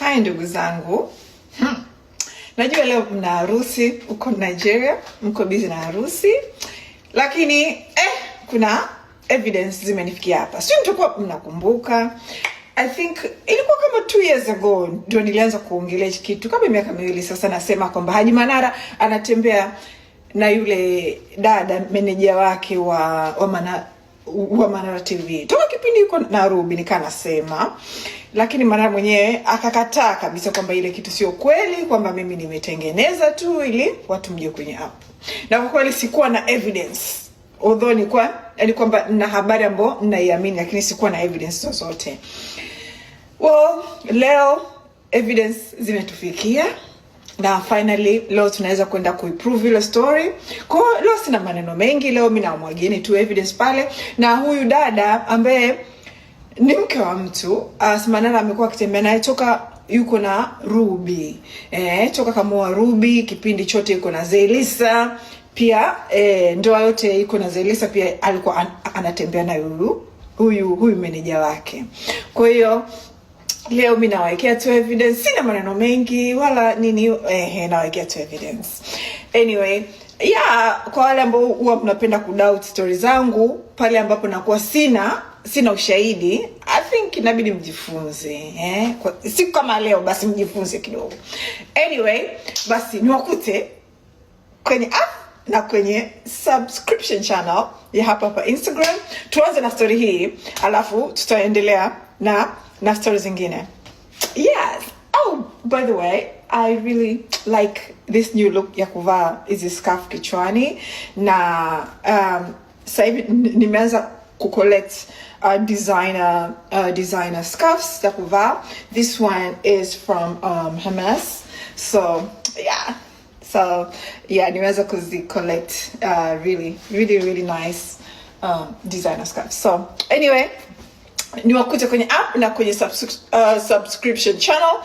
Haya ndugu zangu, hmm. Najua leo mna harusi huko Nigeria, mko busy na harusi, lakini eh, kuna evidence zimenifikia hapa, sio? Mtakuwa mnakumbuka, I think ilikuwa kama two years ago ndio nilianza kuongelea hiki kitu, kama miaka miwili sasa, nasema kwamba Haji Manara anatembea na yule dada meneja wake wa, wa mana, wa Manara TV toka kipindi yuko Nairobi, nikanasema, lakini Manara mwenyewe akakataa kabisa kwamba ile kitu sio kweli, kwamba mimi nimetengeneza tu ili watu mjue kwenye app, na kwa kweli sikuwa na evidence although kwa ni yaani kwamba na habari ambayo ninaiamini, lakini sikuwa na evidence zozote. Well, leo evidence zimetufikia na finally leo tunaweza kwenda kuiprove ile story. Kwa hiyo leo sina maneno mengi, leo mimi nawamwagieni tu evidence pale, na huyu dada ambaye ni mke wa mtu ah, Simanala amekuwa akitembea naye toka yuko na Ruby eh, toka kamoa Ruby kipindi chote yuko na Zelisa pia eh, ndoa yote iko na Zelisa pia alikuwa an, anatembea na huyu huyu huyu meneja wake, kwa hiyo Leo mi nawawekea tu evidence, sina maneno mengi wala nini eh, nawawekea tu evidence anyway ya Kwa wale ambao huwa mnapenda kudoubt stori zangu pale ambapo nakuwa sina sina ushahidi, I think inabidi mjifunze eh, kwa siku kama leo, basi mjifunze kidogo. Anyway, basi niwakute kwenye app na kwenye subscription channel ya hapa hapa Instagram. Tuanze na story hii alafu tutaendelea na na story zingine. Yes. Oh, by the way, I really like this new look ya kuvaa hizi scarf kichwani na um, sasa hivi nimeanza kucollect uh, designer uh, designer scarves za This one is from um, Hermes. So, yeah. So yeah, niweza kuzi collect uh, really really really nice um, designer scarf. So anyway, niwakute kwenye app na kwenye uh, subscription channel